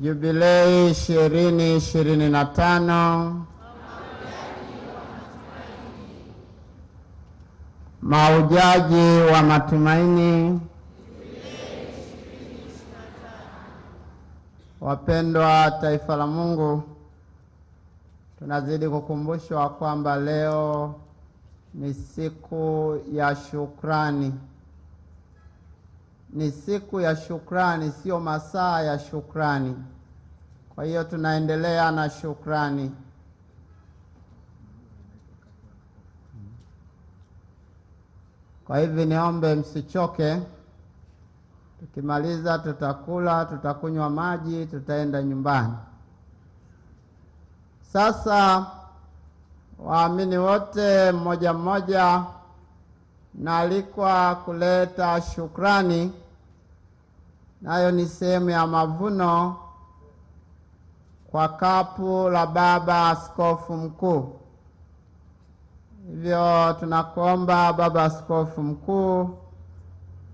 Jubilei ishirini ishirini na tano mahujaji wa matumaini. Wapendwa taifa la Mungu, tunazidi kukumbushwa kwamba leo ni siku ya shukrani ni siku ya shukrani, sio masaa ya shukrani. Kwa hiyo tunaendelea na shukrani. Kwa hivi niombe msichoke, tukimaliza tutakula, tutakunywa maji, tutaenda nyumbani. Sasa waamini wote mmoja mmoja naalikwa kuleta shukrani, nayo ni sehemu ya mavuno kwa kapu la Baba Askofu Mkuu. Hivyo tunakuomba Baba Askofu Mkuu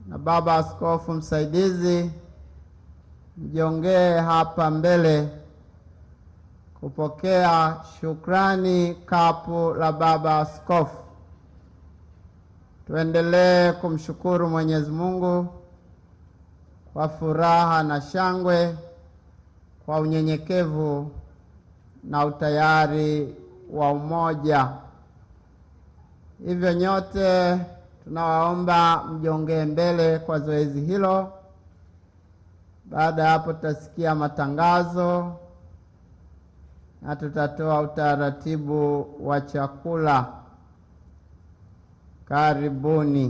na Baba Askofu Msaidizi, mjongee hapa mbele kupokea shukrani, kapu la Baba Askofu. Tuendelee kumshukuru Mwenyezi Mungu kwa furaha na shangwe, kwa unyenyekevu na utayari wa umoja. Hivyo nyote tunawaomba mjongee mbele kwa zoezi hilo. Baada ya hapo, tutasikia matangazo na tutatoa utaratibu wa chakula. Karibuni.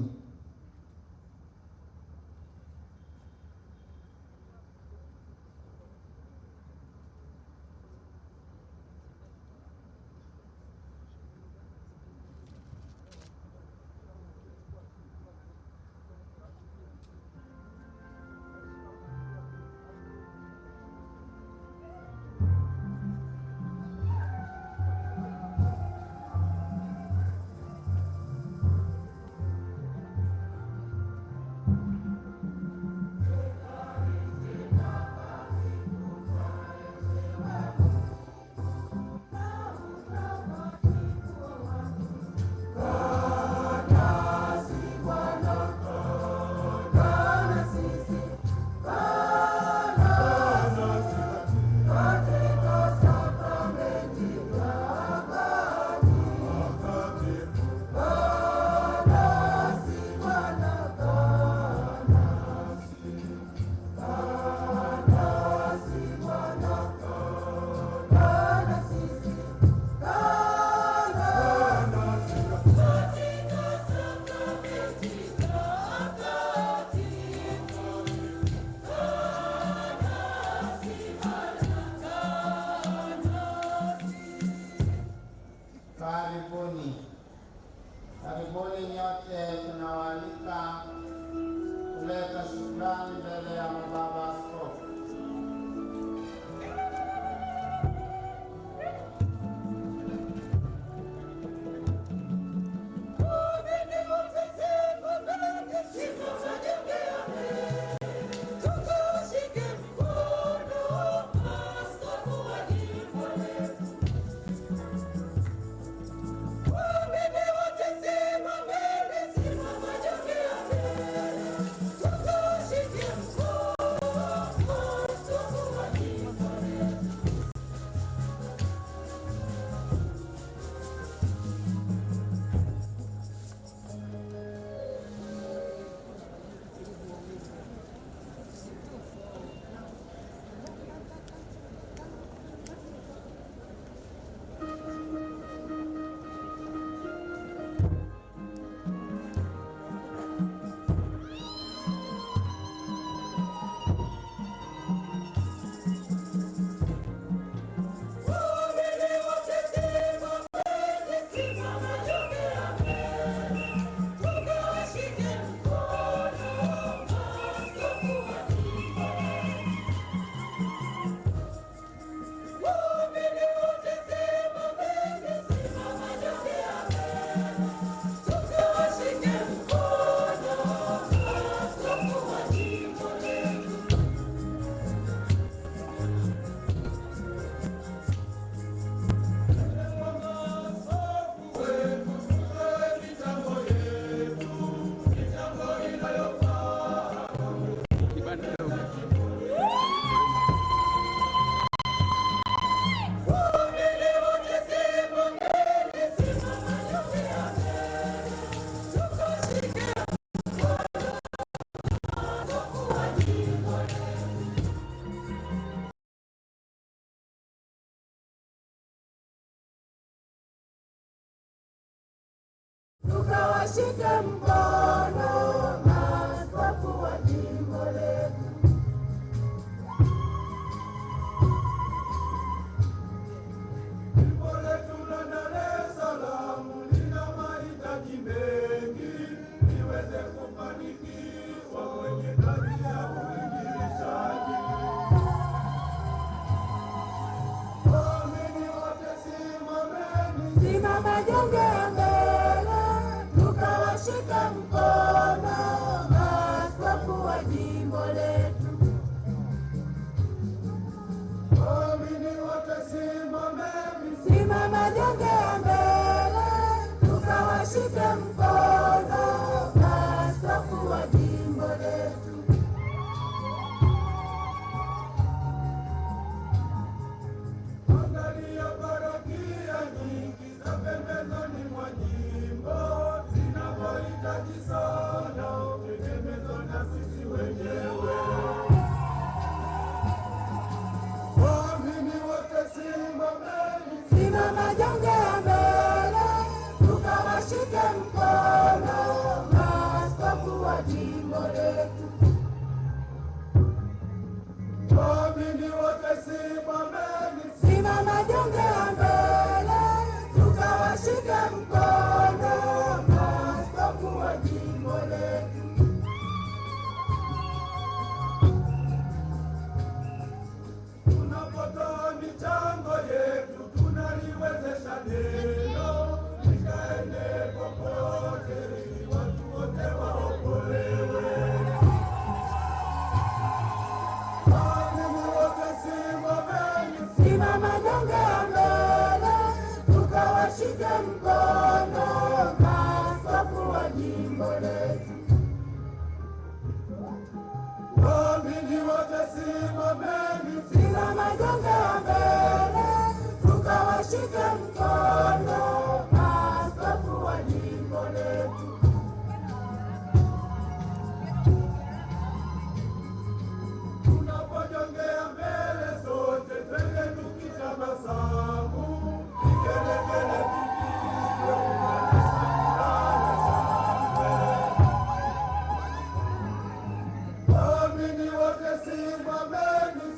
love.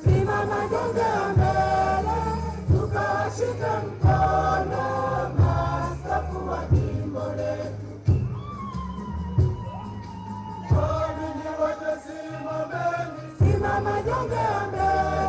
Simama jonge mbele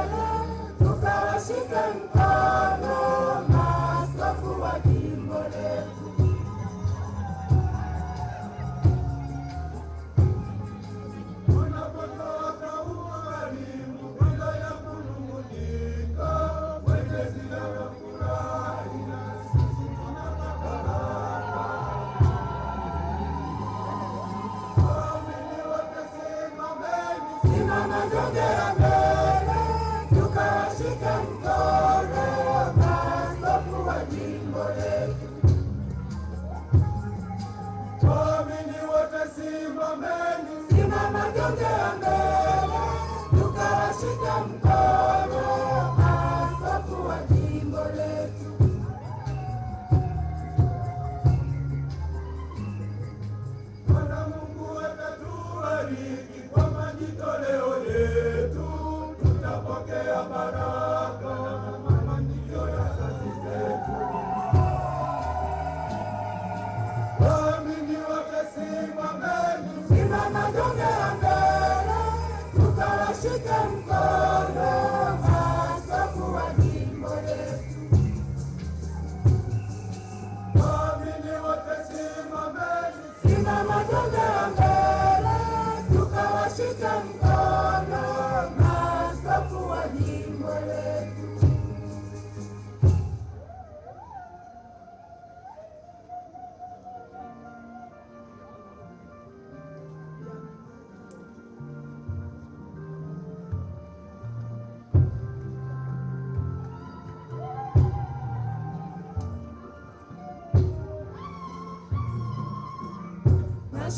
Barbara.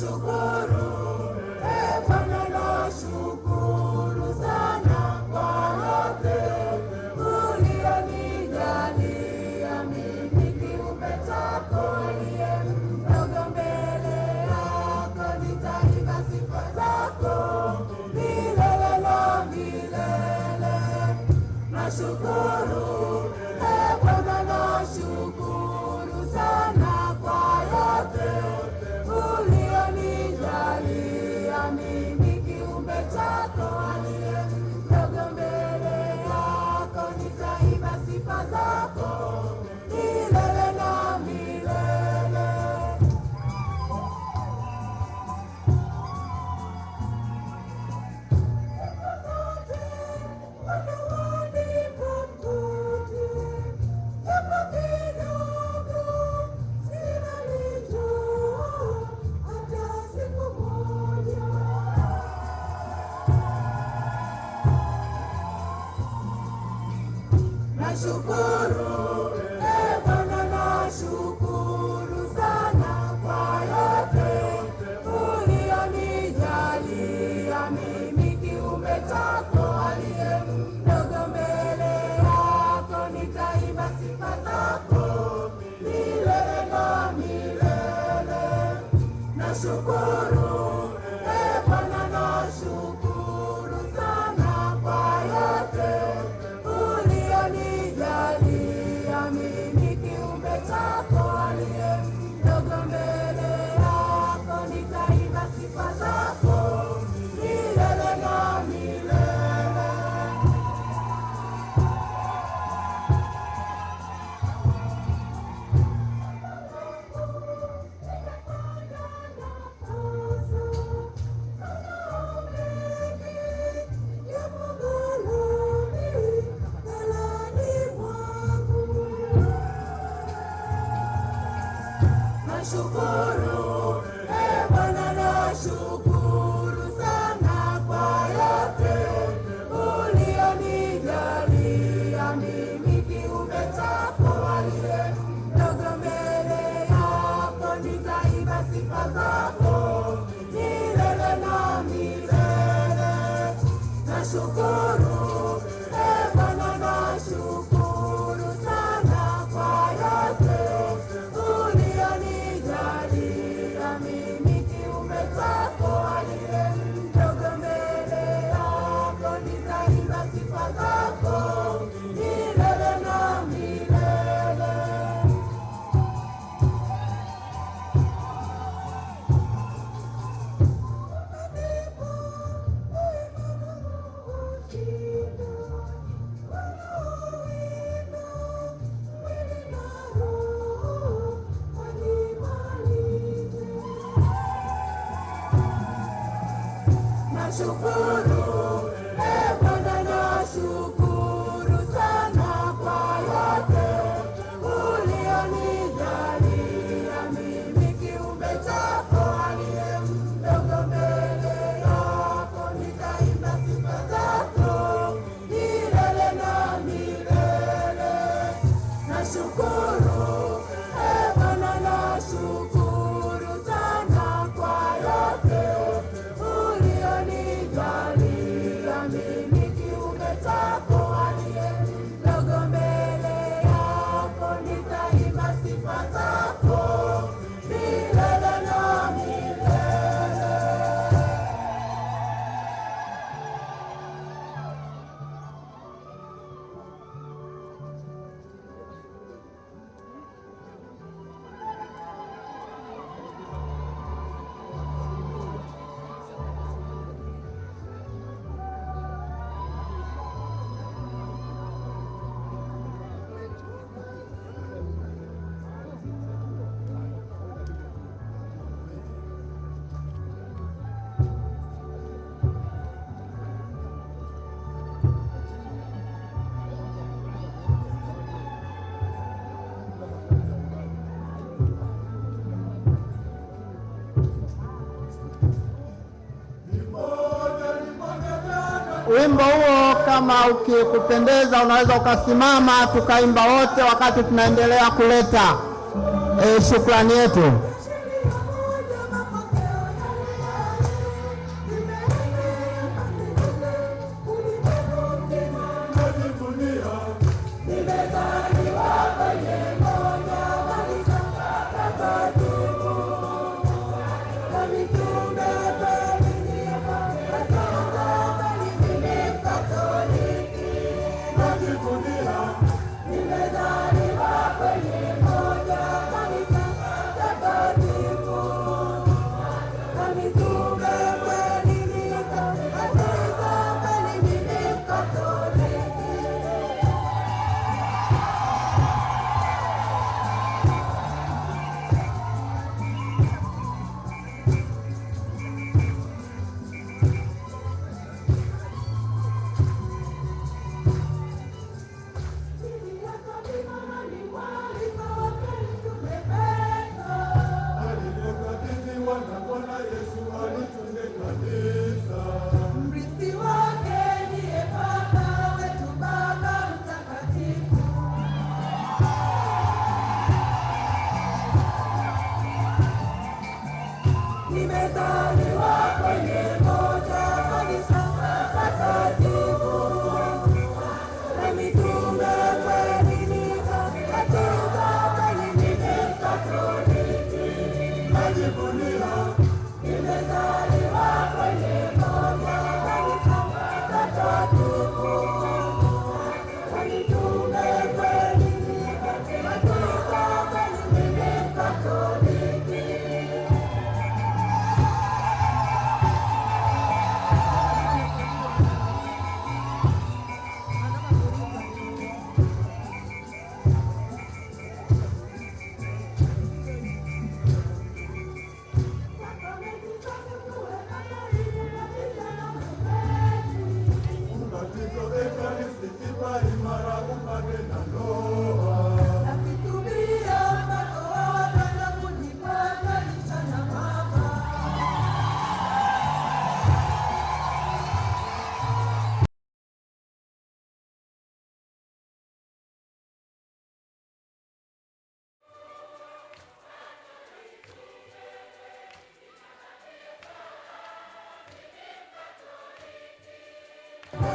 Shukuru, e Bwana sana kwa yote uliyonijalia mimi kiumbe chako niye mdogo Bwana nashukuru ashukuru. Sukuru Wimbo huo kama ukikupendeza, unaweza ukasimama tukaimba wote, wakati tunaendelea kuleta e, shukrani yetu.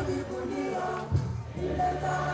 alivunia ile